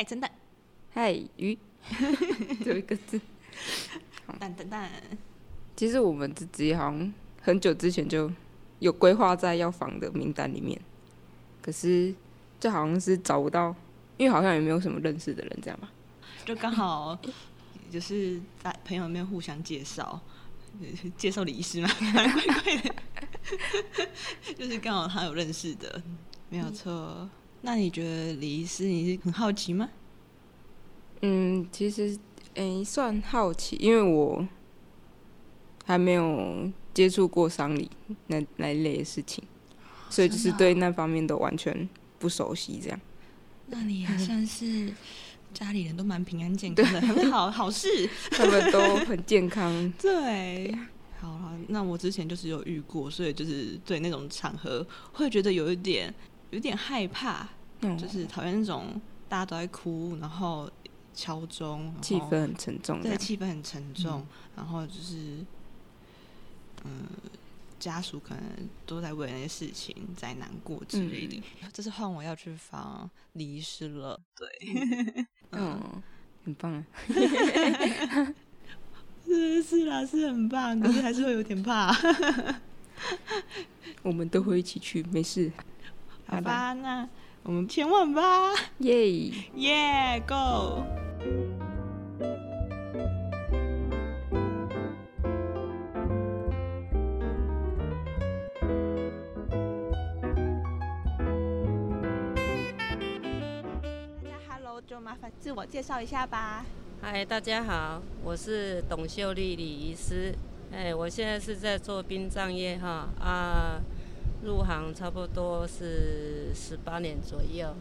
嗨，真的！嗨，魚，就一個字，蛋蛋蛋。其實我們自己好像很久之前就有規劃在要訪的名單裡面，可是就好像是找不到，因為好像也沒有什麼認識的人，這樣吧？就剛好就是在朋友裡面互相介紹，介紹禮儀師嘛，怪怪的， 就是剛好他有認識的，沒有錯。嗯。那你覺得禮儀師，你是很好奇嗎？嗯，其實誒、欸，算好奇，因為我還沒有接觸過喪禮那那一類的事情、哦，所以就是對那方面都完全不熟悉，這樣，好，那你還算是家裡人都蠻平安健康的，很 好，好事， 他們都很健康。對，對好好。那我之前就是有遇過，所以就是對那種場合會覺得有一點。有點害怕，嗯、就是討厭那種大家都在哭，然後敲鐘，氣氛很沉重。對，氣氛很沉重。然後就是，嗯，家屬可能都在為了那些事情在難過之類的。嗯、這次換我要去訪禮儀師了，對，嗯、 哦，很棒、啊。 是是啦，是很棒，可是還是會有點怕。 我們都會一起去，沒事。好吧，好吧，那我們前往吧。耶、yeah. 耶、yeah,，Go！大家 Hello，就麻煩自我介紹一下吧。嗨，大家好，我是董秀麗禮儀師。哎，我現在是在做殯葬業哈啊。呃入行差不多是十八年左右。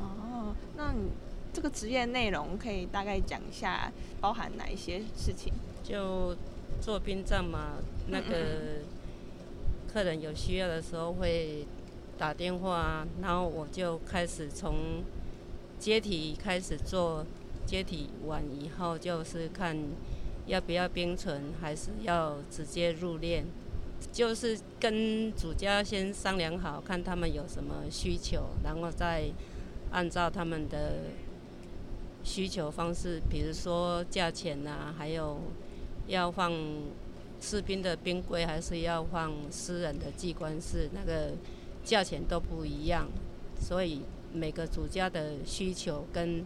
哦，那這個職業內容可以大概講一下，包含哪一些事情？就做殯葬嘛，那個客人有需要的時候會打電話，然後我就開始從接體開始做，接體完以後就是看要不要冰存，還是要直接入殮。就是跟主家先商量好，看他們有什麼需求，然後再按照他們的需求方式，比如說價錢吶、啊，還有要放士兵的冰櫃，還是要放私人的機關室，那個價錢都不一樣，所以每個主家的需求跟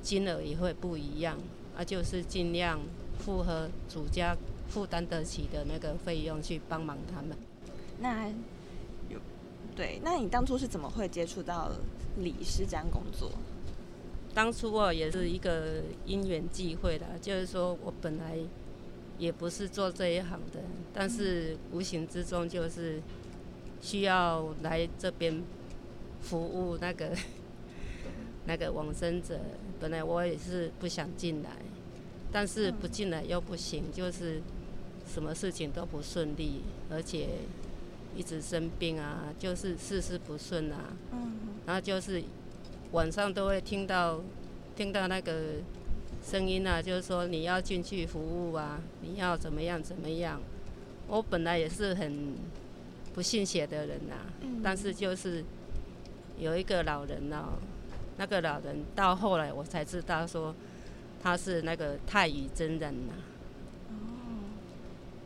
金額也會不一樣，啊，就是盡量符合主家。負擔得起的那個費用去幫忙他們。那有對，那你當初是怎麼會接觸到禮儀師這樣工作？當初啊，也是一個因緣際會的，就是說我本來也不是做這一行的，但是無形之中就是需要來這邊服務那個那個往生者。本來我也是不想進來，但是不進來又不行，就是。什麼事情都不順利，而且一直生病啊，就是事事不順啊。嗯。然後就是晚上都會聽到聽到那個聲音啊，就是說你要進去服務啊，你要怎麼樣怎麼樣。我本來也是很不信邪的人吶，啊嗯，但是就是有一個老人啊，那個老人到後來我才知道說他是那個太乙真人吶，啊。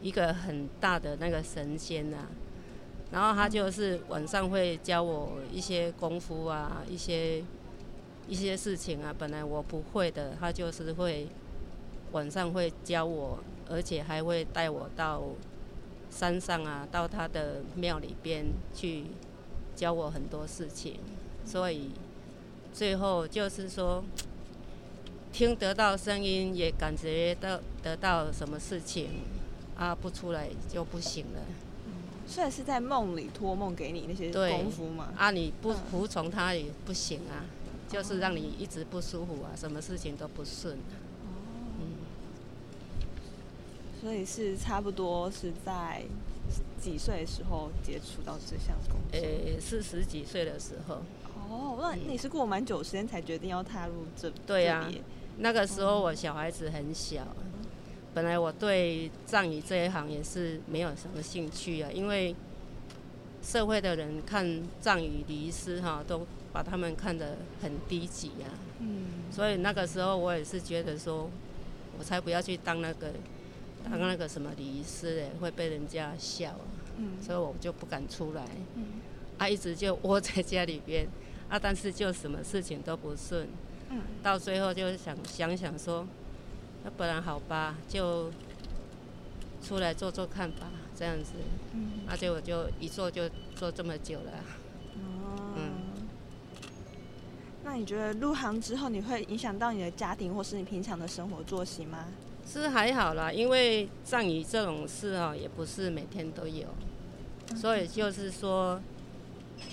一個很大的那個神仙啊，然後他就是晚上會教我一些功夫啊，一些一些事情啊。本來我不會的，他就是會晚上會教我，而且還會帶我到山上啊，到他的廟裡邊去教我很多事情。所以最後就是說，聽得到聲音，也感覺到得到什麼事情。啊，不出來就不行了。雖、嗯、然是在夢裡托夢給你那些功夫嘛，啊你不服從他也不行啊，嗯，就是讓你一直不舒服啊，哦，什麼事情都不順、啊。哦，嗯，所以是差不多是在幾歲的時候接觸到這項工作？四，欸、是十幾歲的時候。哦，那你是過蠻久時間才決定要踏入這？對呀，啊，那個時候我小孩子很小。嗯本來我對葬儀這一行也是沒有什麼興趣啊，因為社會的人看葬儀禮儀師哈，都把他們看得很低級啊。嗯。所以那個時候我也是覺得說，我才不要去當那個，當那個什麼禮師誒、欸嗯，會被人家笑、啊。嗯。所以我就不敢出來。嗯。啊，一直就窩在家裡邊，啊，但是就什麼事情都不順。嗯。到最後就想想想說。要不然好吧，就出來做做看吧，這樣子。嗯。而且我就一做就做這麼久了。哦。嗯。那你覺得入行之後，你會影響到你的家庭或是你平常的生活作息嗎？是還好啦，因為葬儀這種事哈，喔，也不是每天都有。嗯，所以就是說，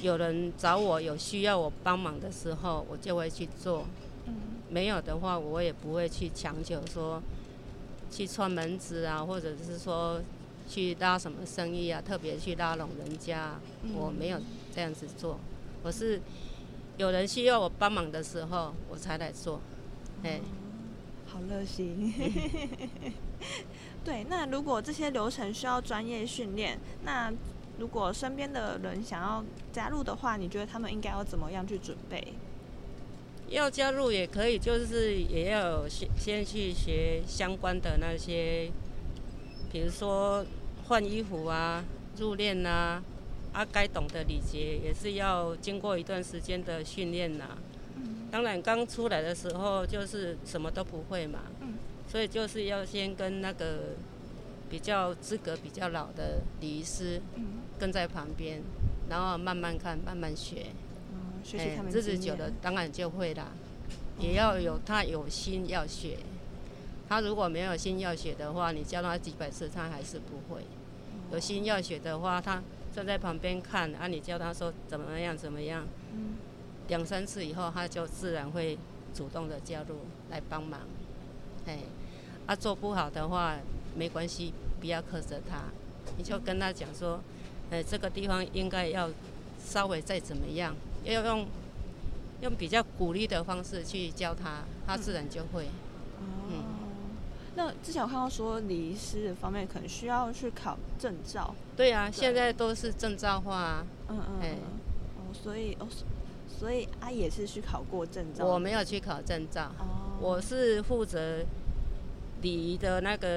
有人找我有需要我幫忙的時候，我就會去做。嗯。沒有的話，我也不會去強求說，去串門子啊，或者是說，去拉什麼生意啊，特別去拉攏人家啊，嗯，我沒有這樣子做。我是有人需要我幫忙的時候，我才來做。哎，嗯，好熱心。嗯， 對，那如果這些流程需要專業訓練，那如果身邊的人想要加入的話，你覺得他們應該要怎麼樣去準備？要加入也可以，就是也要先先去學相關的那些，比如說換衣服啊、入殮吶，啊該懂的禮節也是要經過一段時間的訓練吶。當然剛出來的時候就是什麼都不會嘛，所以就是要先跟那個比較資格比較老的禮儀師跟在旁邊，然後慢慢看，慢慢學。哎，日子久了，當然就會啦。也要有他有心要學。他如果沒有心要學的話，你教他幾百次，他還是不會。有心要學的話，他站在旁邊看啊，你教他說怎麼樣怎麼樣。嗯。兩三次以後，他就自然會主動的加入來幫忙。哎，啊，做不好的話沒關係，不要苛責他。你就跟他講說，呃、哎，這個地方應該要稍微再怎麼樣。要用、用比較鼓勵的方式去教他，他自然就會。嗯。嗯嗯，那之前我看到說，禮儀師的方面可能需要去考證照。對啊，對，現在都是證照化、啊。嗯嗯、欸。哦，所以哦，所以阿姨也是去考過證照？我沒有去考證照。哦、嗯。我是負責禮儀的那個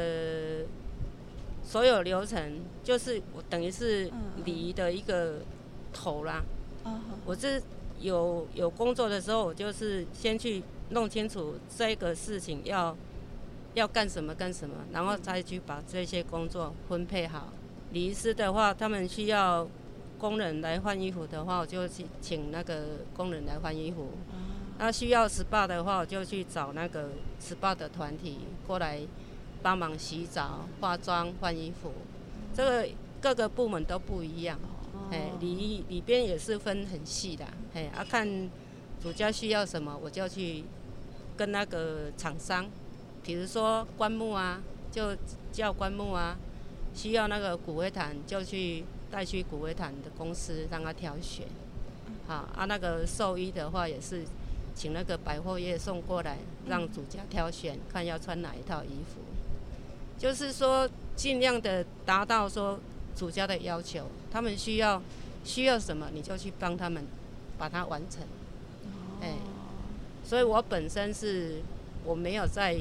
所有流程，就是我等於是禮儀的一個頭啦。嗯嗯我這有有工作的時候，我就是先去弄清楚這個事情要要幹什麼幹什麼，然後再去把這些工作分配好。禮儀師的話，他們需要工人來換衣服的話，我就去請那個工人來換衣服；那需要 SPA 的話，我就去找那個 SPA 的團體過來幫忙洗澡、化妝、換衣服。這個各個部門都不一樣。誒、哎，裡裡邊也是分很細的，誒、哎，啊看主家需要什麼，我就要去跟那個廠商，比如說棺木啊，就叫棺木啊，需要那個骨灰壇就去帶去骨灰壇的公司讓他挑選。好、啊，啊那個壽衣的話也是請那個百貨業送過來，讓主家挑選，看要穿哪一套衣服，就是說盡量的達到說。主家的要求，他們需要需要什麼，你就去幫他們把它完成。哎、oh. 欸，所以我本身是，我沒有在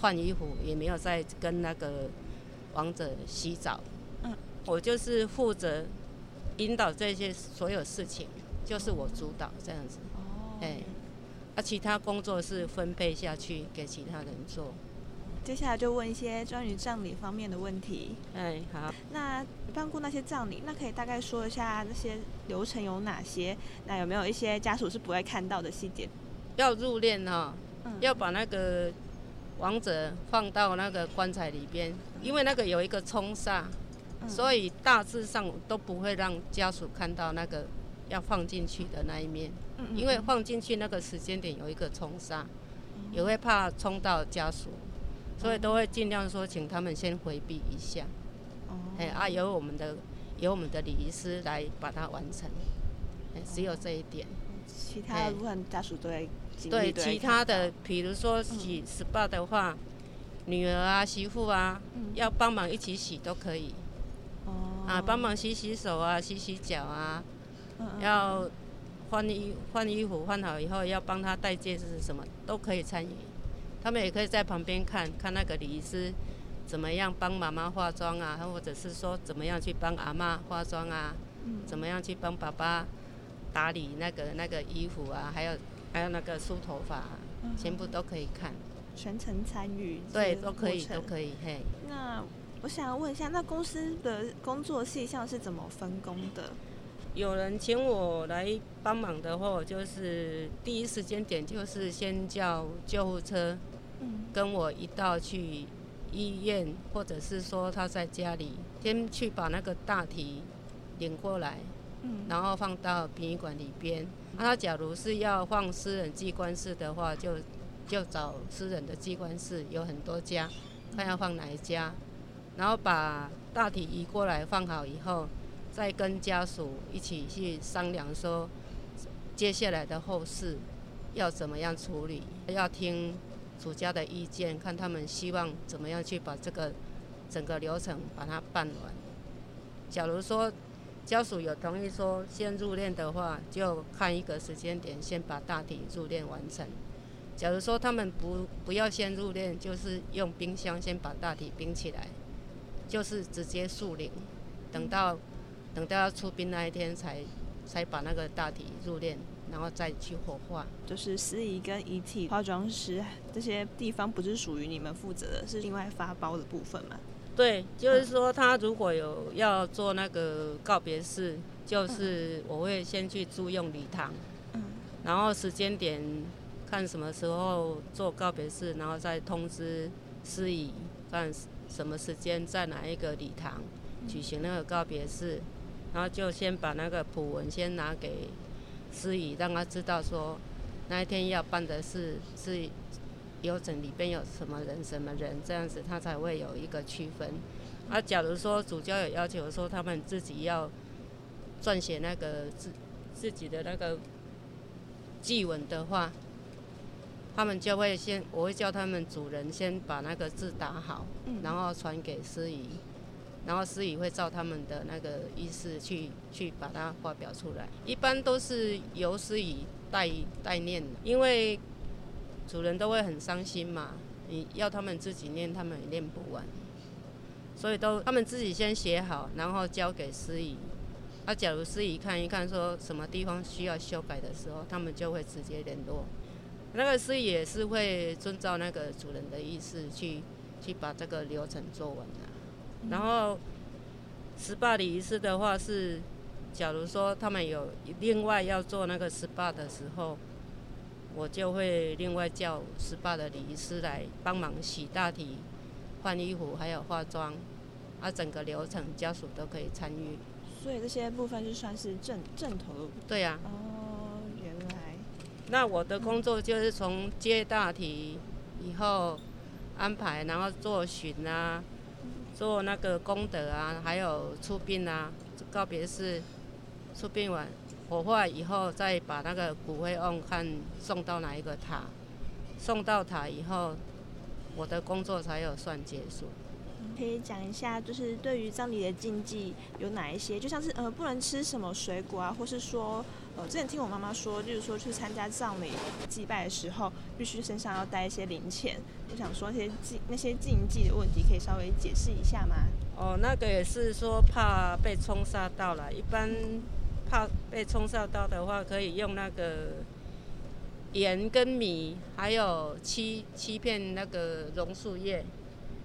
換衣服，也沒有在跟那個亡者洗澡。Uh. 我就是負責引導這些所有事情，就是我主導這樣子。哎、欸，那、其他工作是分配下去給其他人做。接下來就問一些關於葬禮方面的問題。哎，好。那翻過那些葬禮，那可以大概說一下那些流程有哪些？那有沒有一些家屬是不會看到的細節？要入殮呢、哦嗯，要把那個亡者放到那個棺材裡邊、嗯，因為那個有一個沖煞，所以大致上都不會讓家屬看到那個要放進去的那一面。嗯嗯，因為放進去那個時間點有一個沖煞，嗯嗯，也會怕沖到家屬。所以都會盡量說，請他們先回避一下，哎、嗯、啊由，由我們的由我們的禮儀師來把它完成、嗯，只有這一點。嗯嗯、其他的家屬都對都其他的，比如說洗 SPA 的話，嗯、女兒啊、媳婦啊，要幫忙一起洗都可以。哦、嗯。啊，幫忙洗洗手啊，洗洗腳啊，嗯嗯、要換衣換衣服換好以後，要幫他戴戒指什麼都可以參與。他們也可以在旁邊看看那個禮儀師怎麼樣幫媽媽化妝啊，或者是說怎麼樣去幫阿媽化妝啊、嗯，怎麼樣去幫爸爸打理那個那個衣服啊，還有還有那個梳頭髮、啊嗯，全部都可以看。全程參與、就是。對，都可以，都可以。嘿。那我想要問一下，那公司的工作事項是怎麼分工的？有人請我來幫忙的話，我就是第一時間點就是先叫救護車。嗯、跟我一道去醫院，或者是說他在家裡先去把那個大體領過來，嗯、然後放到殯儀館裡邊。那、嗯啊、他假如是要放私人機關室的話，就就找私人的機關室，有很多家、嗯，看要放哪一家。然後把大體移過來放好以後，再跟家屬一起去商量說，接下來的後事要怎麼樣處理，要聽。主家的意見，看他們希望怎麼樣去把這個整個流程把它辦完。假如說家屬有同意說先入殮的話，就看一個時間點，先把大體入殮完成。假如說他們不不要先入殮，就是用冰箱先把大體冰起來，就是直接豎靈，等到等到要出殯那一天才才把那個大體入殮。然後再去火化。就是司儀跟遺體化妝師這些地方不是屬於你們負責的，是另外發包的部分嗎？對，就是說他如果有要做那個告別式，就是我會先去租用禮堂，嗯，然後時間點看什麼時候做告別式，然後再通知司儀，看什麼時間在哪一個禮堂舉行那個告別式，然後就先把那個普文先拿給。司儀讓他知道說，那一天要辦的事是郵政裡邊有什麼人、什麼人，這樣子他才會有一個區分，啊。而假如說主教有要求說他們自己要撰寫那個自自己的那個祭文的話，他們就會先我會叫他們主人先把那個字打好，然後傳給司儀。然後司儀會照他們的那個意思去去把它發表出來，一般都是由司儀代代念的，因為主人都會很傷心嘛，你要他們自己念，他們也念不完，所以都他們自己先寫好，然後交給司儀。那、啊、假如司儀看一看說什麼地方需要修改的時候，他們就會直接聯絡，那個司儀也是會遵照那個主人的意思去去把這個流程做完的。嗯、然後，SPA 禮儀師的話是，假如說他們有另外要做那個 SPA 的時候，我就會另外叫 SPA 的禮儀師來幫忙洗大體、換衣服、還有化妝，啊，整個流程家屬都可以參與。所以這些部分就算是正正頭。對呀、啊。哦，原來。那我的工作就是從接大體以後安排，然後做巡啊。做那個功德啊，還有出殯啊，告別式，出殯完火化以後，再把那個骨灰甕看送到哪一個塔，送到塔以後，我的工作才有算結束。嗯、可以講一下，就是對於葬禮的禁忌有哪一些？就像是呃，不能吃什麼水果啊，或是說呃，之前聽我媽媽說，就是說去參加葬禮祭拜的時候，必須身上要帶一些零錢。我想說些禁那些禁忌的問題，可以稍微解釋一下嗎？哦，那個也是說怕被沖煞到了，一般怕被沖煞到的話，可以用那個鹽跟米，還有七七片那個榕樹葉，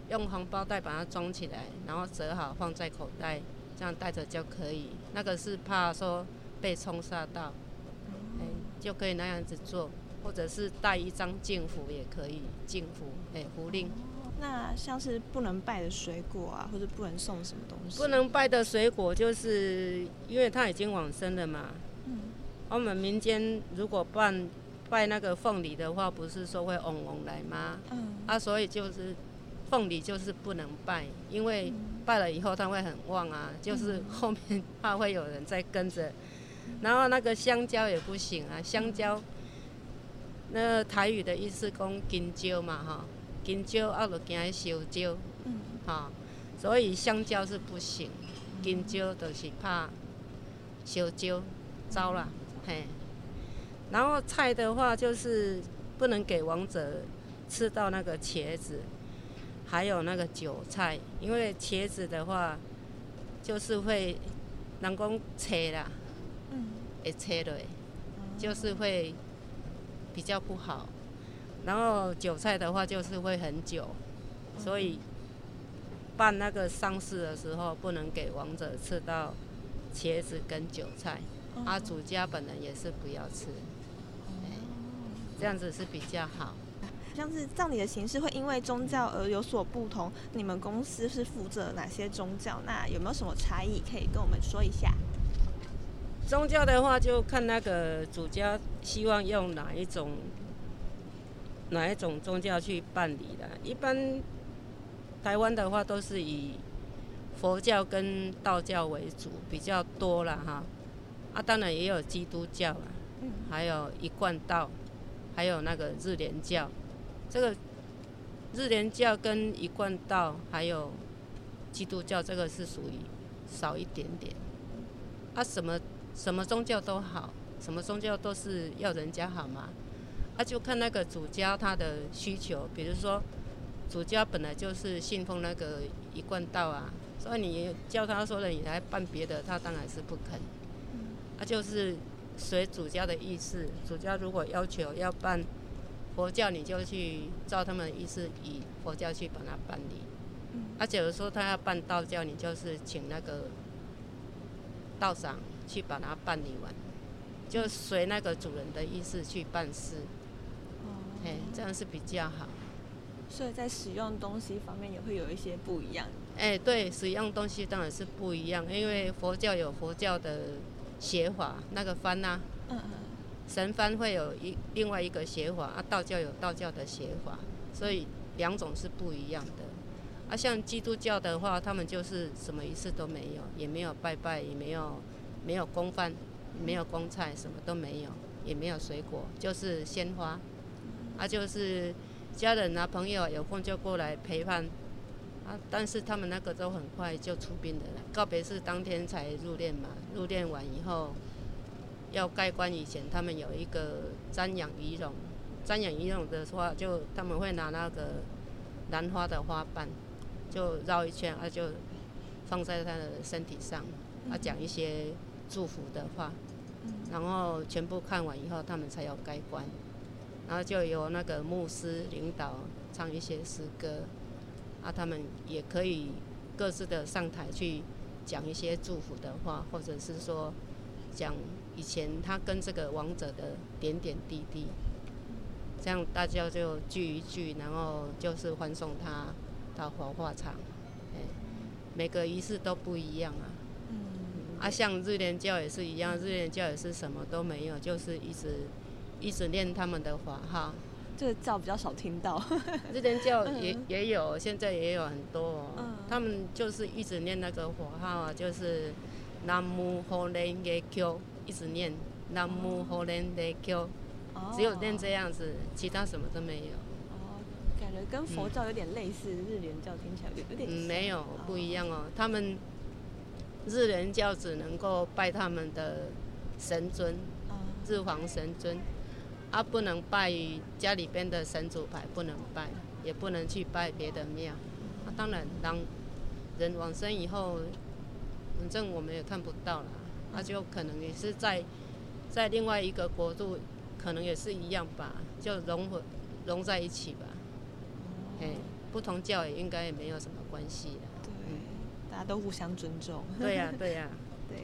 用紅包袋把它裝起來，然後折好放在口袋，這樣帶着就可以。那個是怕說被沖煞到。嗯，欸，就可以那樣子做。或者是帶一張淨符，也可以。淨符哎符令、哦。那像是不能拜的水果啊，或者不能送什麼東西？不能拜的水果就是因為它已經往生了嘛。嗯。我們民間如果辦拜，拜那個鳳梨的話，不是說會旺旺來嗎？嗯。啊，所以就是鳳梨就是不能拜，因為拜了以後它會很旺啊，嗯、就是後面怕會有人在跟着、嗯。然後那個香蕉也不行啊，香蕉。那台語的意思講金蕉嘛，哈，金蕉啊，著驚去燒焦。嗯，哈，所以香蕉是不行，金蕉著是怕燒焦，糟了。嘿。然後菜的話就是不能給王者吃到那個茄子，還有那個韭菜，因為茄子的話就是會人講切啦，嗯，會切落，就是會。比較不好，然後韭菜的話就是會很久，所以辦那個喪事的時候不能給亡者吃到茄子跟韭菜，阿祖家本人也是不要吃，這樣子是比較好。這樣子葬禮的形式會因為宗教而有所不同，你們公司是負責哪些宗教？那有沒有什麼差異可以跟我們說一下？宗教的話，就看那個主家希望用哪一種哪一種宗教去辦理的。一般台灣的話，都是以佛教跟道教為主，比較多了哈。啊，當然也有基督教啦，還有一貫道，還有那個日蓮教。這個日蓮教跟一貫道還有基督教，這個是屬於少一點點。啊，什麼？什麼宗教都好，什麼宗教都是要人家好嗎？他、啊、就看那個主家他的需求。比如說，主家本來就是信奉那個一貫道啊，所以你教他說的，你來辦別的，他當然是不肯。他、啊、就是隨主家的意思。主家如果要求要辦佛教，你就去照他們的意思以佛教去把他辦理。他、啊、假如說他要辦道教，你就是請那個道長。去把它辦理完，就隨那個主人的意思去辦事。嗯，欸，這樣是比較好。所以，在使用東西方面也會有一些不一樣。哎、欸，對，使用東西當然是不一樣，因為佛教有佛教的寫法，那個幡啊，嗯嗯，神幡會有一另外一個寫法啊，道教有道教的寫法，所以兩種是不一樣的。啊，像基督教的話，他們就是什麼儀式都沒有，也沒有拜拜，也沒有。沒有公飯，沒有公菜，什麼都沒有，也沒有水果，就是鮮花。啊，就是家人啊，朋友有空就過來陪伴。啊，但是他們那個都很快就出殯的了。告別式當天才入殮嘛，入殮完以後要蓋棺以前，他們有一個瞻仰遺容。瞻仰遺容的話，就他們會拿那個蘭花的花瓣，就繞一圈，啊，就放在他的身體上。啊，講一些。祝福的話，然後全部看完以後，他們才要蓋棺。然後就由那個牧師領導唱一些詩歌，啊，他們也可以各自的上台去講一些祝福的話，或者是說講以前他跟這個亡者的點點滴滴。這樣大家就聚一聚，然後就是歡送他到火化場。哎，每個儀式都不一樣啊。啊，像日蓮教也是一樣，日蓮教也是什麼都沒有，就是一直一直念他們的法號。這個教比較少聽到， 日蓮教也、嗯、也有，現在也有很多、哦嗯。他們就是一直念那個法號啊，就是南無喝蓮耶鳩，一直念南無喝蓮耶鳩，只有念這樣子，其他什麼都沒有。哦，感覺跟佛教有點類似，嗯、日蓮教聽起來有點嗯。嗯，沒有，不一樣哦，哦，他們。日人教只能夠拜他們的神尊，日皇神尊，啊，不能拜家裡邊的神主牌，不能拜，也不能去拜別的廟。那、啊、當然，當人往生以後，反正我們也看不到了，那、啊、就可能也是在在另外一個國度，可能也是一樣吧，就融合融在一起吧。哎、欸，不同教也應該也沒有什麼關係。大家都互相尊重。對啊。對呀、啊，對呀，對。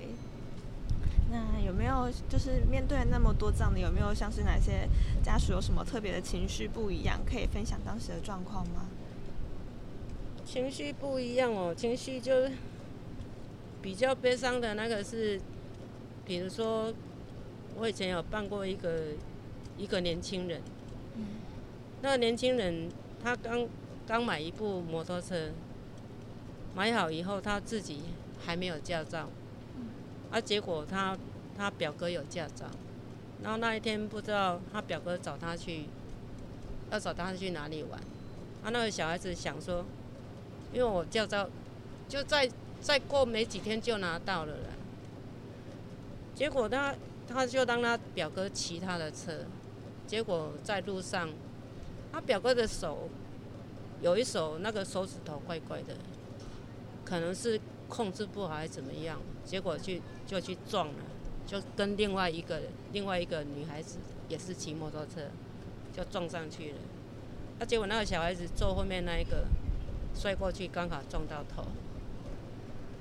那有沒有就是面對了那麼多葬禮，有沒有像是哪些家屬有什麼特別的情緒不一樣？可以分享當時的狀況嗎？情緒不一樣哦，情緒就比較悲傷的那個是，比如說我以前有辦過一個一個年輕人，嗯，那個年輕人他剛剛買一部摩托車。買好以後，他自己還沒有駕照，啊，結果他他表哥有駕照，然後那一天不知道他表哥找他去，要找他去哪裡玩，他、啊、那個小孩子想說，因為我駕照就在再，再過沒幾天就拿到了啦，結果他他就當他表哥騎他的車，結果在路上，他、啊、表哥的手有一手那個手指頭怪怪的。可能是控制不好還是怎麼樣，結果去就去撞了，就跟另外一個另外一個女孩子也是騎摩托車，就撞上去了。那、啊、結果那個小孩子坐後面那一個，摔過去剛好撞到頭。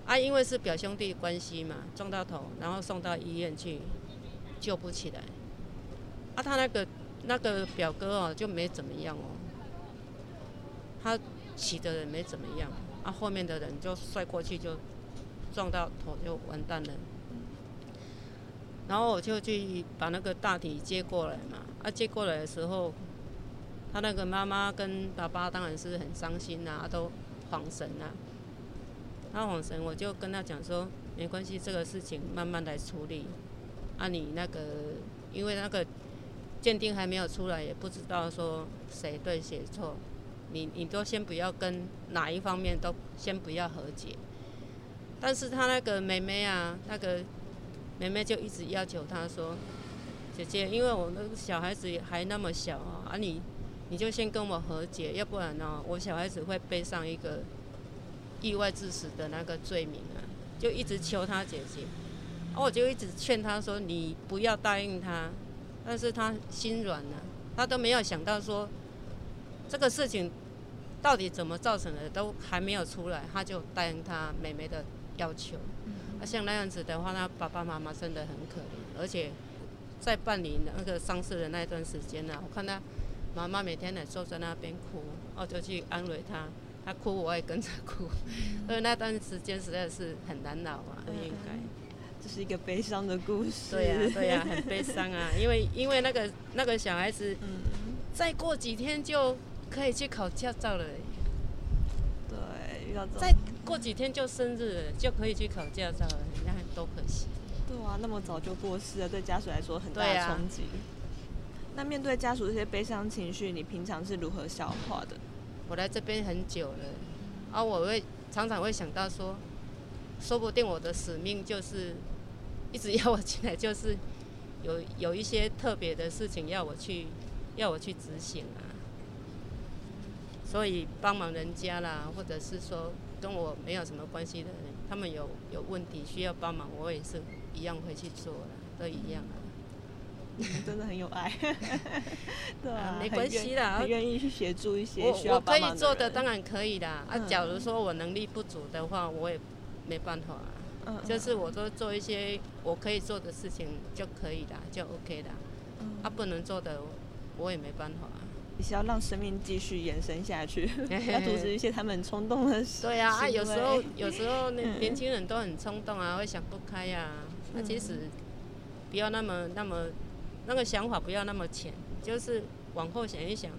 啊，因為是表兄弟關係嘛，撞到頭，然後送到醫院去，救不起來。啊，他那個那個表哥哦、喔、就沒怎麼樣哦、喔，他騎的人沒怎麼樣。啊，後面的人就摔過去，就撞到頭，就完蛋了。然後我就去把那個大體接過來嘛。啊，接過來的時候，他那個媽媽跟爸爸當然是很傷心吶、啊，都恍神吶。他恍神，我就跟他講說，沒關係，這個事情慢慢來處理。啊，你那個因為那個鑑定還沒有出來，也不知道說誰對誰錯。你你都先不要跟哪一方面都先不要和解，但是他那個妹妹啊，那個妹妹就一直要求他說，姐姐，因為我們小孩子還那麼小啊，你你就先跟我和解，要不然呢啊，我小孩子會背上一個意外致死的那個罪名啊，就一直求他姐姐哦，我就一直勸他說你不要答應他，但是他心軟了，他都沒有想到說，這、那個事情到底怎麼造成的都還沒有出來，他就答應他妹妹的要求。嗯、啊，像那樣子的話，那爸爸媽媽真的很可憐。而且在辦理那個喪事的那段時間呢、啊，我看他媽媽每天也坐在那邊哭，我就去安慰他，他哭我也跟着哭、嗯。所以那段時間實在是很難熬啊，嗯、應該。這是一個悲傷的故事。 對呀、啊，對呀、啊，很悲傷啊，因為因為那個那個小孩子、嗯，再過幾天就。可以去考駕照了。對，要，再過幾天就生日了，就可以去考駕照了。那多可惜。對啊，那麼早就過世了，對家屬來說很大衝擊、啊。那面對家屬這些悲傷情緒，你平常是如何消化的？我來這邊很久了，而、啊、我會常常會想到說，說不定我的使命就是一直要我進來，就是有有一些特別的事情要我去要我去執行、啊。所以幫忙人家啦，或者是說跟我沒有什麼關係的人，他們有有問題需要幫忙，我也是一樣會去做，都一樣你們、嗯、真的很有愛， 對啊，啊，沒關係的，我願意去協助一些需要幫忙的，我我可以做的當然可以的，嗯，啊，假如說我能力不足的話，我也沒辦法、啊、嗯、嗯，就是我都做一些我可以做的事情就可以的就 OK 的，嗯，啊，不能做的我也沒辦法、啊。也是要讓生命繼續延伸下去嘿嘿嘿，要阻止一些他們很衝動的事。對啊，啊，有時候有時候年輕人都很衝動啊、嗯，會想不開呀、啊。那、啊、其實不要那麼那麼那個想法，不要那麼淺，就是往後想一想。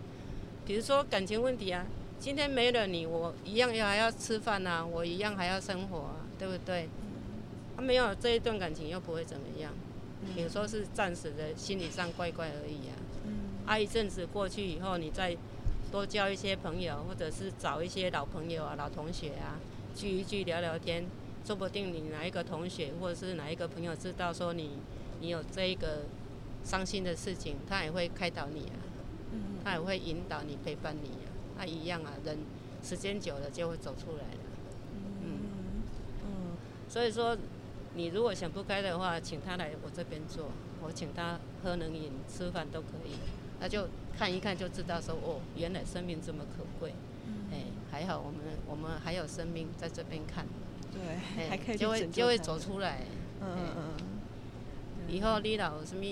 比如說感情問題啊，今天沒了你，我一樣要還要吃飯呐、啊，我一樣還要生活，啊，對不對？他、啊、沒有這一段感情又不會怎麼樣，比如說是暫時的心理上怪怪而已啊。嗯挨、啊、一陣子過去以後，你再多交一些朋友，或者是找一些老朋友啊、老同學啊聚一聚、聊聊天，說不定你哪一個同學或者是哪一個朋友知道說你，你有這一個傷心的事情，他也會開導你啊，他也會引導你、陪伴你啊，他一樣啊，人時間久了就會走出來了、啊。嗯嗯，所以說，你如果想不開的話，請他來我這邊坐，我請他喝冷飲、吃飯都可以。那就看一看就知道說，說哦，原來生命這麼可貴，哎、嗯欸，還好我們我們還有生命在這邊看，對、欸，還可以。就會就會走出來，嗯嗯、欸、嗯，以後你若有什麼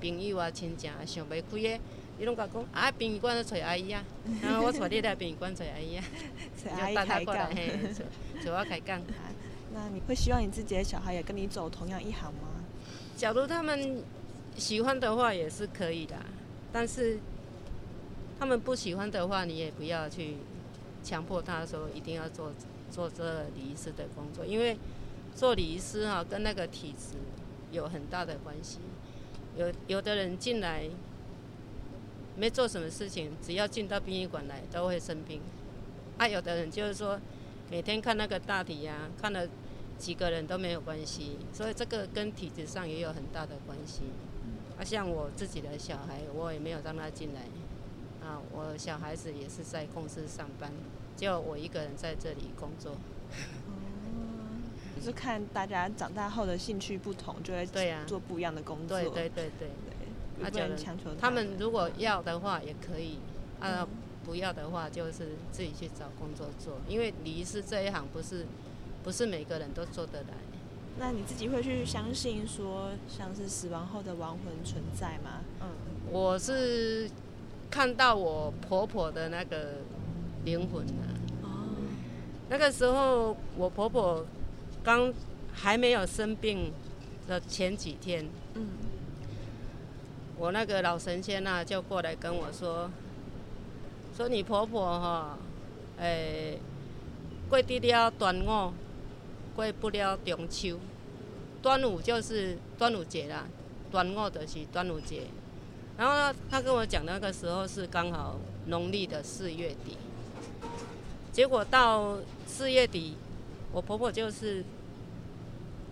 朋友啊、親啊，想袂開的，你攏甲講，啊，殯儀館就找阿姨啊，啊， 我找你來殯儀館找阿姨啊， 就帶他過來， 嘿找，找我開講、啊。 那你會希望你自己的小孩也跟你走同樣一行嗎？假如他們喜歡的話，也是可以的。但是，他們不喜歡的話，你也不要去強迫他說一定要做做這個禮儀師的工作，因為做禮儀師啊，跟那個體質有很大的關係。有有的人進來沒做什麼事情，只要進到殯儀館來都會生病啊，有的人就是說，每天看那個大體啊，看了幾個人都沒有關係，所以這個跟體質上也有很大的關係。啊，像我自己的小孩，我也沒有讓他進來。啊，我小孩子也是在公司上班，就我一個人在這裡工作。哦，就是看大家長大後的興趣不同，就會做不一樣的工作。對，啊，對，對對對，對對他，他，他們如果要的話也可以，嗯，啊，不要的話就是自己去找工作做。因為禮儀師這一行，不是不是每個人都做得來。那你自己會去相信說，像是死亡後的亡魂存在嗎？嗯，我是看到我婆婆的那個靈魂了。哦，那個時候我婆婆剛還沒有生病的前幾天。嗯，我那個老神仙吶、啊，就過來跟我說，嗯、說你婆婆哈、啊，哎，過得了端午，過不了中秋。端午就是端午節啦，端午的時，端午節。然後呢，他跟我講那個時候是剛好農曆的四月底。結果到四月底，我婆婆就是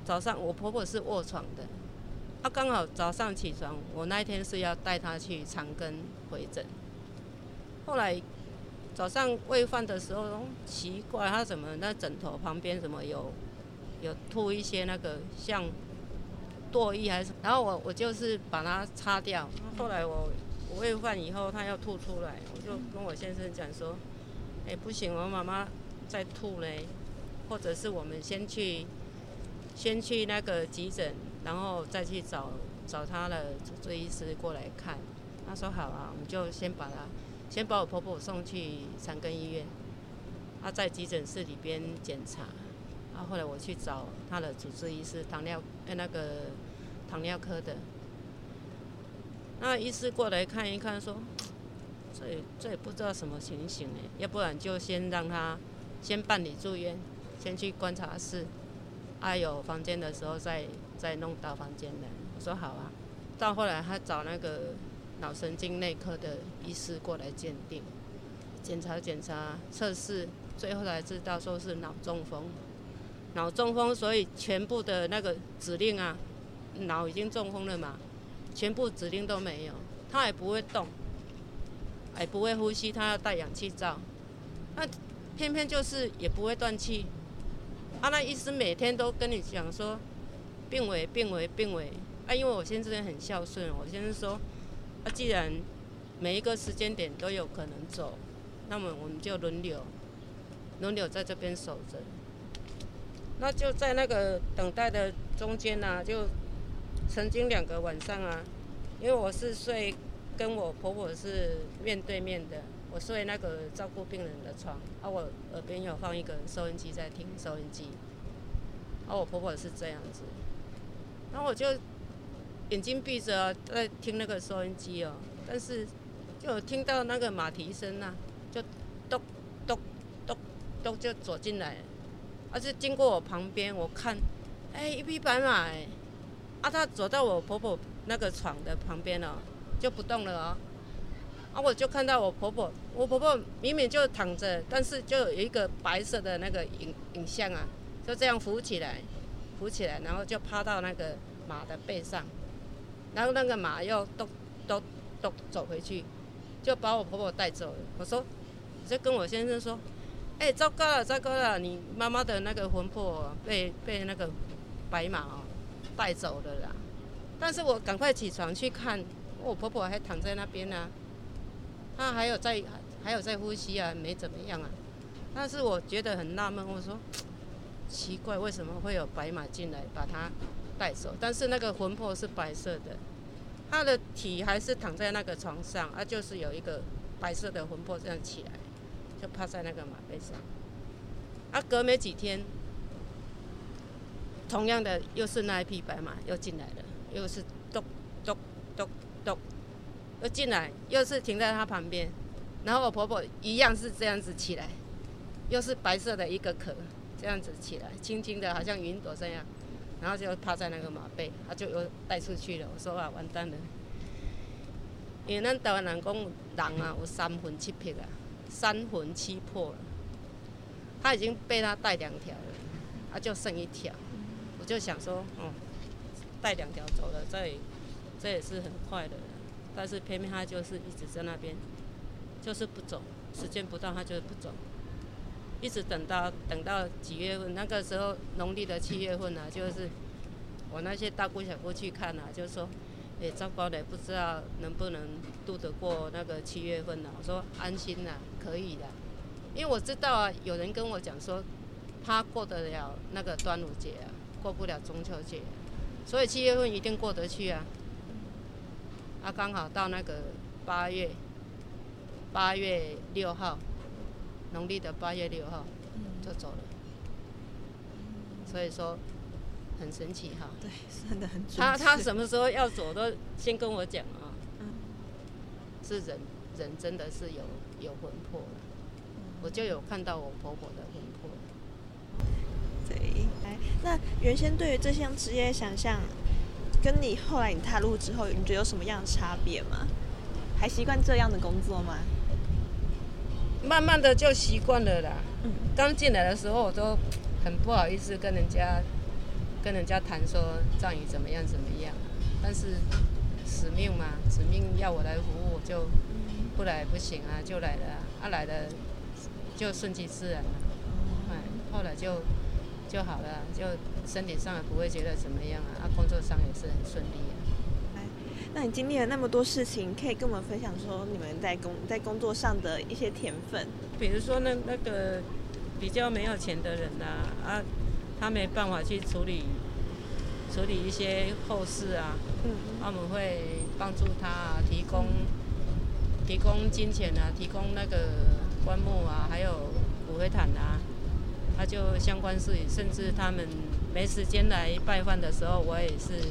早上，我婆婆是臥床的，她剛好早上起床。我那一天是要帶她去長庚回診。後來早上餵飯的時候，奇怪她怎麼那枕頭旁邊怎麼有？有吐一些那個像唾液還是，然後我我就是把它擦掉。後來我我餵飯以後，它要吐出來，我就跟我先生講說：“哎、欸，不行，我媽媽在吐嘞。”或者是我們先去先去那個急診，然後再去找找他的主治醫師過來看。他說：“好啊，我們就先把他先把我婆婆送去長庚醫院。他、啊、在急診室裡邊檢查。”啊、後來我去找他的主治醫師，糖尿跟、欸、那個糖尿科的。那醫師過來看一看，說：這也這也不知道什麼情形哎，要不然就先讓他先辦理住院，先去觀察室，哎、啊、有房間的時候再再弄到房間來。我說好啊。到後來他找那個腦神經內科的醫師過來鑑定，檢查檢查測試，最後才知道說是腦中風。腦中風，所以全部的那個指令啊，腦已經中風了嘛，全部指令都沒有，他也不會動，也不會呼吸，他要戴氧氣罩，那偏偏就是也不會斷氣，啊，那醫生每天都跟你講說，病危，病危，病危，啊，因為我先生很孝順，我先生說，啊，既然每一個時間點都有可能走，那麼我們就輪流，輪流在這邊守着。那就在那個等待的中間啊，就曾經兩個晚上啊，因為我是睡跟我婆婆是面對面的，我睡那個照顧病人的床，啊，我耳邊有放一個收音機在聽收音機，啊，我婆婆是這樣子，然後我就眼睛閉着啊，在聽那個收音機哦。但是就聽到那個馬蹄聲吶、啊，就咚咚咚咚咚就走進來。而、啊、且經過我旁邊，我看，哎、欸，一匹白馬、欸，啊，它走到我婆婆那個床的旁邊了、喔，就不動了哦、喔，啊，我就看到我婆婆，我婆婆明明就躺着，但是就有一個白色的那個影影像啊，就這樣扶起來，扶起來，然後就趴到那個馬的背上，然後那個馬又咚咚咚、咚走回去，就把我婆婆帶走了。我說，就跟我先生說。哎，糟糕了，糟糕了！你媽媽的那個魂魄被被那個白馬哦帶走了啦。但是我趕快起床去看，我、哦、婆婆還躺在那邊呢、啊，她還有在還有在呼吸啊，沒怎麼樣啊。但是我覺得很納悶，我說奇怪，為什麼會有白馬進來把她帶走？但是那個魂魄是白色的，她的體還是躺在那個床上，啊就是有一個白色的魂魄這樣起來。就趴在那個馬背上，啊，隔沒幾天，同樣的又是那一匹白馬又進來了，又是咚咚咚咚，咚，又進來，又是停在它旁邊，然後我婆婆一樣是這樣子起來，又是白色的一個殼，這樣子起來，輕輕的，好像雲朵這樣，然後就趴在那個馬背，他、啊、就又帶出去了。我說啊，完蛋了，因為咱台灣人講，人啊有三魂七魄啊。三魂七魄他已經被他帶兩條了，他、啊、就剩一條。我就想說，哦，帶兩條走了，這這也是很快的。但是偏偏他就是一直在那邊，就是不走，時間不到他就是不走，一直等到等到幾月份？那個時候農曆的七月份啊，就是我那些大姑小姑去看了、啊，就是說。哎，張寶磊不知道能不能渡得過那個七月份呢、啊？我說安心吶、啊，可以的，因為我知道啊，有人跟我講說，他過得了那個端午節、啊，過不了中秋節、啊，所以七月份一定過得去啊。他、啊、剛好到那個八月八月六號，農曆的八月六號就走了，所以說。很神奇哈，對，真的很。他他什麼時候要走都先跟我講啊。嗯，是人，人真的是有有魂魄的。我就有看到我婆婆的魂魄了。對，哎，那原先對於這項職業想象，跟你後來你踏入之後，你覺得有什麼樣的差別嗎？還習慣這樣的工作嗎？慢慢的就習慣了啦。嗯。剛進來的時候，我都很不好意思跟人家。跟人家談說葬儀怎麼樣怎麼樣，啊，但是使命嘛，啊，使命要我來服務，就不來不行啊，就來了啊，啊，來了，就順其自然了，啊啊，後來就就好了，啊，就身體上也不會覺得怎麼樣啊，啊工作上也是很順利啊。哎，那你經歷了那麼多事情，可以跟我們分享說你們在工在工作上的一些甜分，比如說那那個比較沒有錢的人啊啊。他沒辦法去處理處理一些後事啊，他們會幫助他，啊、提供提供金錢啊，提供那個棺木啊，還有骨灰罈啊。他、啊、就相關事宜，甚至他們沒時間來拜飯的時候，我也是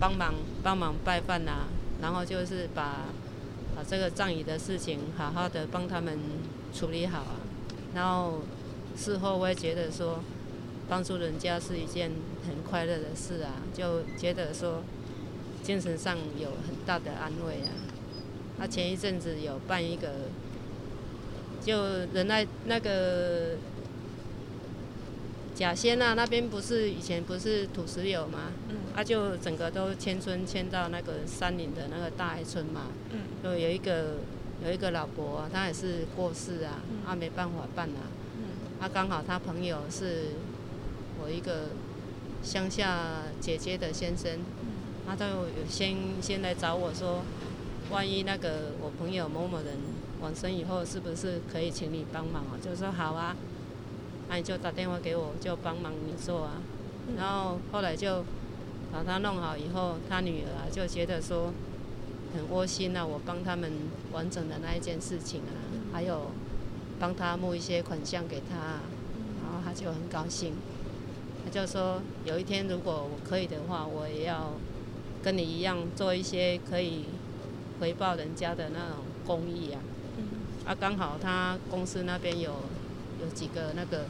幫忙幫忙拜飯吶、啊。然後就是把把這個葬禮的事情好好的幫他們處理好啊。然後事後我也覺得說。幫助人家是一件很快樂的事啊，就覺得說精神上有很大的安慰啊。他、啊、前一陣子有辦一個，就人來那個甲仙啊，那邊不是以前不是土石流嗎？他、啊、就整個都遷村遷到那個山林的那個大愛村嘛。嗯。就有一個有一個老伯、啊，他也是過世啊，他、啊、沒辦法辦啊。他、啊、剛好他朋友是。我一個鄉下姐姐的先生，他都有先先來找我說：“萬一那個我朋友某某人往生以後，是不是可以請你幫忙啊？”就說：“好啊。”那你就打電話給我，就幫忙你做啊。然後後來就把他弄好以後，他女兒就覺得說很窩心吶、啊，我幫他們完整的那一件事情啊，還有幫他募一些款項給他，然後他就很高興。他就說：“有一天如果我可以的話，我也要跟你一樣做一些可以回報人家的那種公益啊，啊，剛好他公司那邊有有幾個那個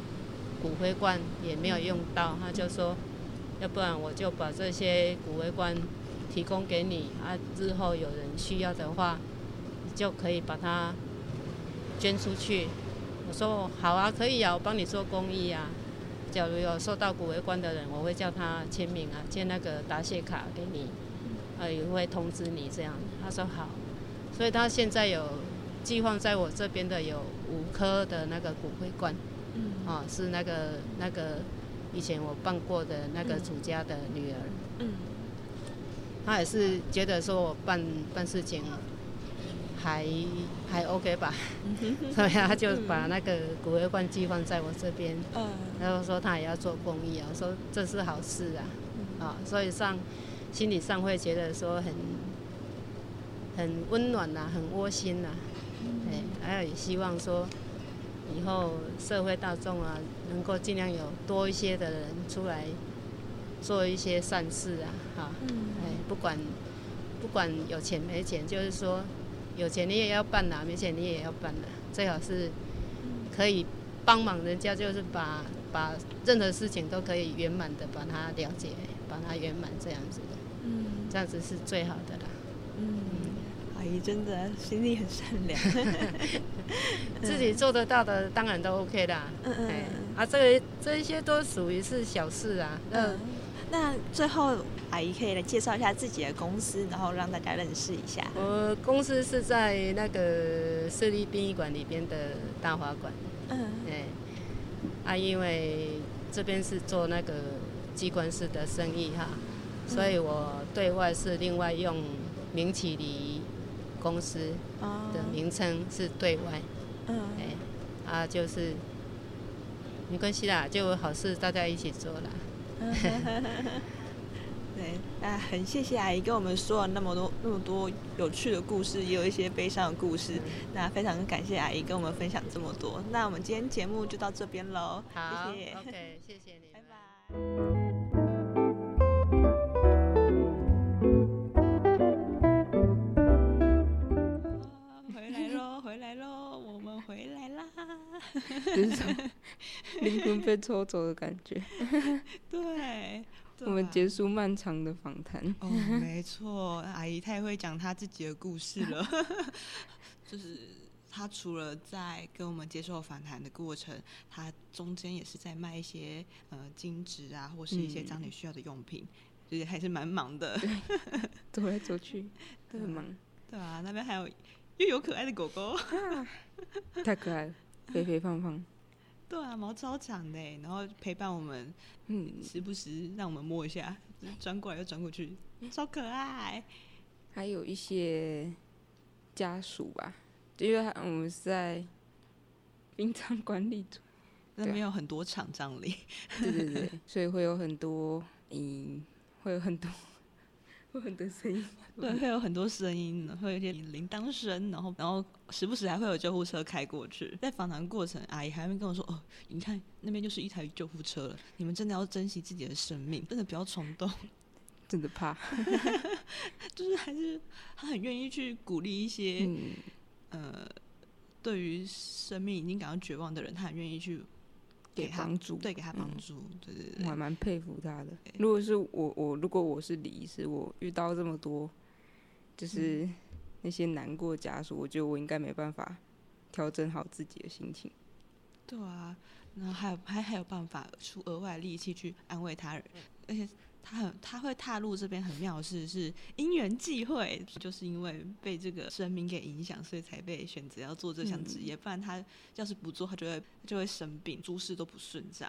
骨灰罐也沒有用到，他就說：“要不然我就把這些骨灰罐提供給你，啊，日後有人需要的話你就可以把它捐出去。”我說：“好啊，可以呀，啊，我幫你做公益呀。”假如有收到骨灰罐的人，我會叫他簽名啊，簽那個答謝卡給你，呃，也會通知你這樣。他說好，所以他現在有寄放在我這邊的有五顆的那個骨灰罐，啊、嗯哦，是那個那個以前我辦過的那個主家的女兒，嗯嗯、他也是覺得說我辦辦事情。還還 OK 吧，嗯、 所以他就把那個骨灰罐寄放在我這邊。然、嗯、後說說他也要做公益啊，我說這是好事啊，嗯、啊，所以上心理上會覺得說很很溫暖吶，很窩心吶、啊、啊嗯。哎，還有也希望說以後社會大眾啊，能夠盡量有多一些的人出來做一些善事啊，哈、啊嗯。哎，不管不管有錢沒錢，就是說。有錢你也要辦吶、啊，沒錢你也要辦吶、啊，最好是可以幫忙人家，就是把把任何事情都可以圓滿的把他了解，把他圓滿這樣子的，嗯，這樣子是最好的啦。嗯，嗯阿姨真的心地很善良呵呵呵， 自己做得到的當然都 OK 啦。嗯嗯嗯哎、啊，這個這一些都屬於是小事啊。那嗯，嗯，嗯。那最後，阿姨可以來介紹一下自己的公司，然後讓大家認識一下。我公司是在那個市立殯儀館裡邊的大華館。嗯。哎、欸、啊、因為這邊是做那個機關式的生意哈，所以我對外是另外用明啟禮公司的名稱是對外。嗯。哎、欸、啊，就是沒關係啦，就好事大家一起做啦。 對，那很謝謝阿姨跟我們說了那麼多那麼多有趣的故事，也有一些悲傷的故事，嗯。那非常感謝阿姨跟我們分享這麼多。那我們今天節目就到這邊嘍。好謝謝，OK， 謝謝你，拜拜。 就這種靈魂被抽走的感覺，對。我們結束漫長的訪談。 哦、啊，oh, 沒錯，阿姨太會講她自己的故事了。 就是她除了在跟我們接受訪談的過程，她中間也是在賣一些呃金紙啊，或是一些家裡需要的用品，就是還是蠻忙的 對。走來走去都很忙對。對啊，那邊還有又有可愛的狗狗， 啊、太可愛了。肥肥胖胖，對啊，毛超長的，然後陪伴我們，嗯，時不時讓我們摸一下，轉過來又轉過去，超可愛。還有一些家屬吧，因、就、為、是、我們是在殯葬管理處，那邊有很多場葬禮，對，啊、 對對對，所以會有很多，嗯，會有很多。會很多聲音， 對，會有很多聲音，然後會有些鈴鐺聲，然後，然後時不時還會有救護車開過去。在訪談過程，阿姨還會跟我說：“哦，你看那邊就是一台救護車了，你們真的要珍惜自己的生命，真的不要衝動。”真的怕， 就是還是他很願意去鼓勵一些、嗯、呃，對於生命已經感到絕望的人，他很願意去。給他幫助，對，給他幫助、嗯，對對對，我還蠻佩服他的。如果是我，我如果我是禮儀師，我遇到這麼多，就是那些難過的家屬、嗯，我覺得我應該沒辦法調整好自己的心情。對啊，那還有還有還有辦法出額外的力氣去安慰他人，而、嗯、且。 他很，他會踏入這邊很妙的事，是因緣際會，就是因為被這個神明給影響，所以才被選擇要做這項職業。嗯。不然他要是不做，他就會他就會生病，諸事都不順暢。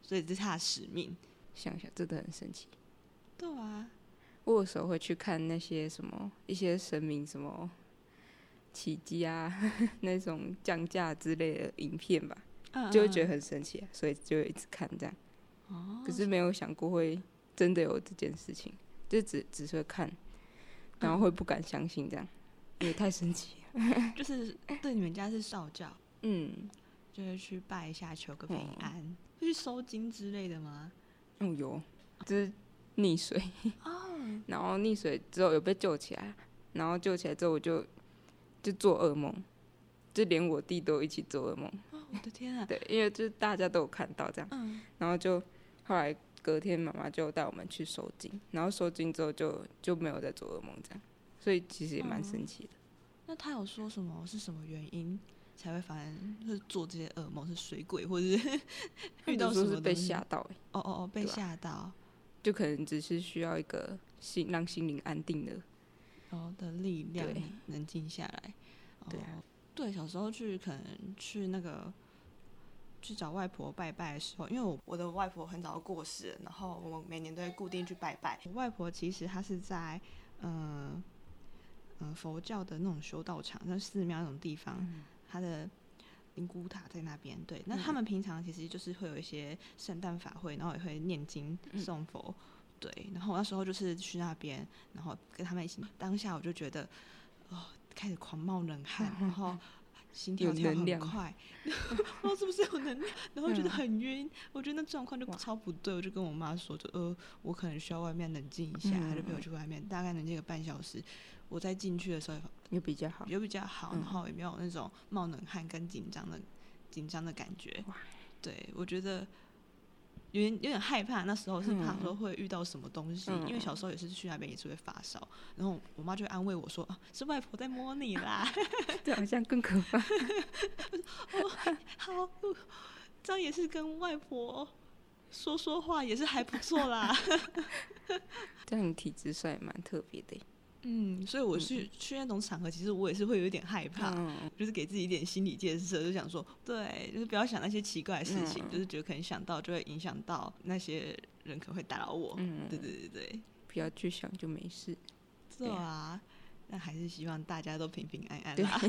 所以這是他的使命。想想真的很神奇。對啊，我有時候會去看那些什麼一些神明什麼奇跡啊 那種降價之類的影片吧，就會覺得很神奇，啊，所以就一直看這樣。可是沒有想過會。真的有這件事情，就只只是看，然後會不敢相信這樣，嗯、也太神奇了。就是對你們家是少教，嗯，就是去拜一下求個平安，嗯、會去收金之類的嗎？哦、嗯、有，就是溺水、哦、然後溺水之後有被救起來，哦、然後救起來之後我就就做噩夢，就連我弟都一起做噩夢。哦、我的天啊！對，因為就是大家都有看到這樣，嗯、然後就後來。隔天媽媽就帶我們去收驚，然後收驚之後就就沒有再做噩夢這樣，所以其實也蠻神奇的，嗯。那他有說什麼？是什麼原因才會發生是做這些噩夢？是水鬼，或者是 遇到什麼？是被嚇到，欸？哦哦哦，被嚇到，啊，就可能只是需要一個心，讓心靈安定的哦的力量，冷靜下來。對，哦，對，小時候去可能去那個。去找外婆拜拜的時候，因為我我的外婆很早就過世了，然後我每年都會固定去拜拜。外婆其實她是在嗯嗯、呃呃、佛教的那種修道場，那寺廟那種地方，嗯、她的靈骨塔在那邊。對，那他們平常其實就是會有一些聖誕法會，然後也會念經送佛、嗯。對，然後我那時候就是去那邊，然後跟他們一起。當下我就覺得，哦，開始狂冒冷汗，嗯、然後。心跳跳很快，不知 是不是有能量， 然後覺得很暈，嗯，我覺得那狀況就超不對，我就跟我媽說，就呃，我可能需要外面冷靜一下，嗯嗯嗯還是陪我去外面，大概冷靜個半小時，我再進去的時候也又比較好，也比較好，然後也沒有那種冒冷汗跟緊張的緊張的感覺，哇，對我覺得。有點有點害怕，那時候是怕說會遇到什麼東西，嗯、因為小時候也是去那邊也是會發燒、嗯，然後我媽就安慰我說、啊、是外婆在摸你啦， 這樣好像更可怕 我說，好，這樣也是跟外婆說說話也是還不錯啦。 這樣體質算也蠻特別的。嗯，所以我去、嗯、去那種場合，其實我也是會有一點害怕、嗯，就是給自己一點心理建設，就想說，對，就是不要想那些奇怪的事情，嗯、就是覺得可能想到就會影響到那些人，可能會打擾我、嗯。對對對對，不要去想就沒事。啊對啊，那還是希望大家都平平安安吧，對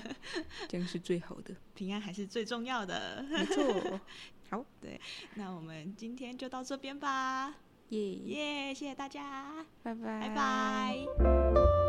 這個是最好的，平安還是最重要的，沒錯。好，對，那我們今天就到這邊吧。耶！謝謝大家，拜拜，拜拜。